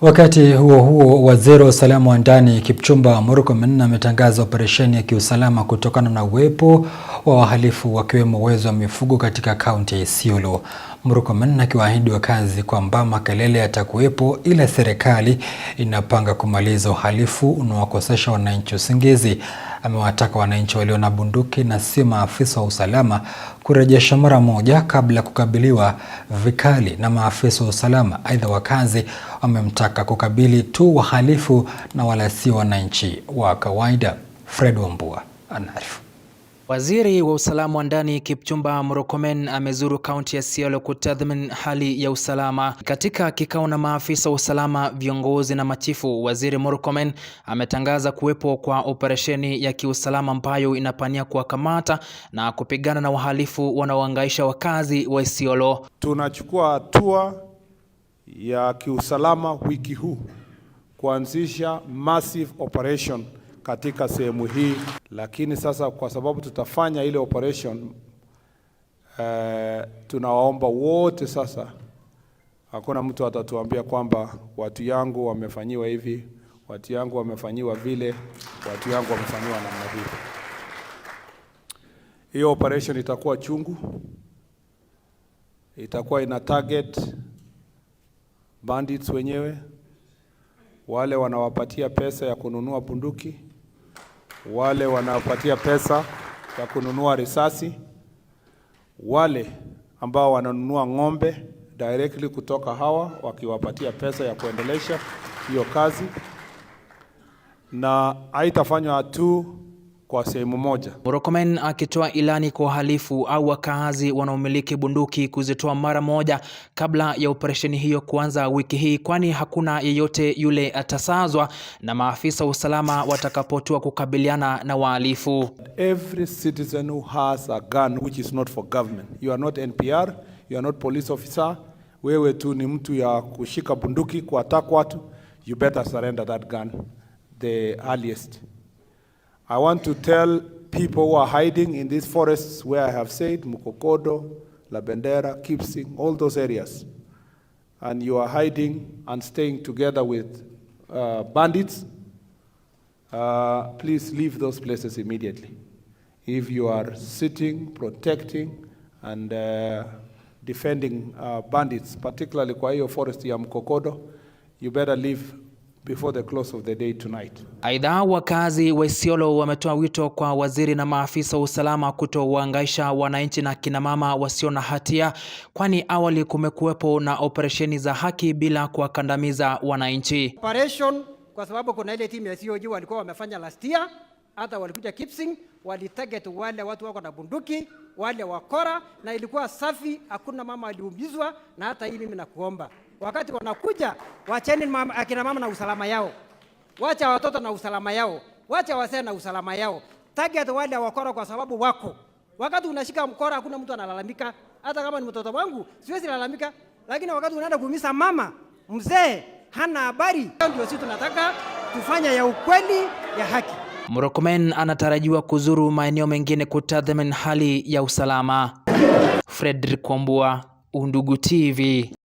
Wakati huo huo, waziri wa usalama wa ndani Kipchumba Murkomen ametangaza operesheni ya kiusalama kutokana na uwepo wa wahalifu wakiwemo wezi wa mifugo katika kaunti ya Isiolo. Murkomen akiwaahidi wakazi kwamba makelele yatakuwepo, ila serikali inapanga kumaliza uhalifu unaokosesha wananchi usingizi amewataka wananchi walio na bunduki na si maafisa wa usalama kurejesha mara moja kabla ya kukabiliwa vikali na maafisa wa usalama. Aidha, wakazi wamemtaka kukabili tu wahalifu na wala si wananchi wa kawaida. Fred Wambua anaarifu. Waziri wa usalama wa ndani Kipchumba Murkomen amezuru kaunti ya Isiolo kutathmini hali ya usalama. Katika kikao na maafisa wa usalama, viongozi na machifu, Waziri Murkomen ametangaza kuwepo kwa operesheni ya kiusalama ambayo inapania kuwakamata na kupigana na wahalifu wanaohangaisha wakazi wa Isiolo. Tunachukua hatua ya kiusalama wiki huu kuanzisha massive operation katika sehemu hii, lakini sasa kwa sababu tutafanya ile operation uh, tunawaomba wote sasa, hakuna mtu atatuambia kwamba watu yangu wamefanyiwa hivi, watu yangu wamefanyiwa vile, watu yangu wamefanyiwa namna hii. Hiyo operation itakuwa chungu, itakuwa ina target bandits wenyewe wale wanawapatia pesa ya kununua bunduki wale wanaopatia pesa ya kununua risasi, wale ambao wananunua ng'ombe directly kutoka hawa wakiwapatia pesa ya kuendelesha hiyo kazi, na haitafanywa tu kwa sehemu moja. Murkomen akitoa ilani kwa wahalifu au wakaazi wanaomiliki bunduki kuzitoa mara moja kabla ya operesheni hiyo kuanza wiki hii, kwani hakuna yeyote yule atasazwa na maafisa wa usalama watakapotua kukabiliana na wahalifu. Every citizen who has a gun which is not for government. You are not NPR, you are not police officer. Wewe tu ni mtu ya kushika bunduki kuattack watu. You better surrender that gun the earliest. I want to tell people who are hiding in these forests where I have said, Mukokodo, La Bendera, Kipsing, all those areas, and you are hiding and staying together with uh, bandits, uh, please leave those places immediately. If you are sitting, protecting, and uh, defending uh, bandits, particularly kwa forest ya Mkokodo, you better leave before the close of the day tonight. Aidha, wakazi wa Isiolo wametoa wito kwa waziri na maafisa wa usalama kutowaangaisha wananchi na kinamama wasio na hatia, kwani awali kumekuwepo na operesheni za haki bila kuwakandamiza wananchi. Operation kwa sababu kuna ile timu ya COG walikuwa wamefanya last year, hata walikuja Kipsing walitarget wale watu wako na bunduki wale wakora, na ilikuwa safi, hakuna mama aliumizwa. Na hata hii mimi nakuomba wakati wanakuja, wacheni akina mama na usalama yao, wacha watoto na usalama yao, wacha wasee na usalama yao. Target wale wakora, kwa sababu wako wakati unashika mkora, hakuna mtu analalamika. Hata kama ni mtoto wangu siwezi lalamika, lakini wakati unaenda kuumiza mama mzee, hana habari. Ndio sisi tunataka tufanya ya ukweli ya haki. Murkomen anatarajiwa kuzuru maeneo mengine kutathmini hali ya usalama. Fredrick Kwambua, Undugu TV.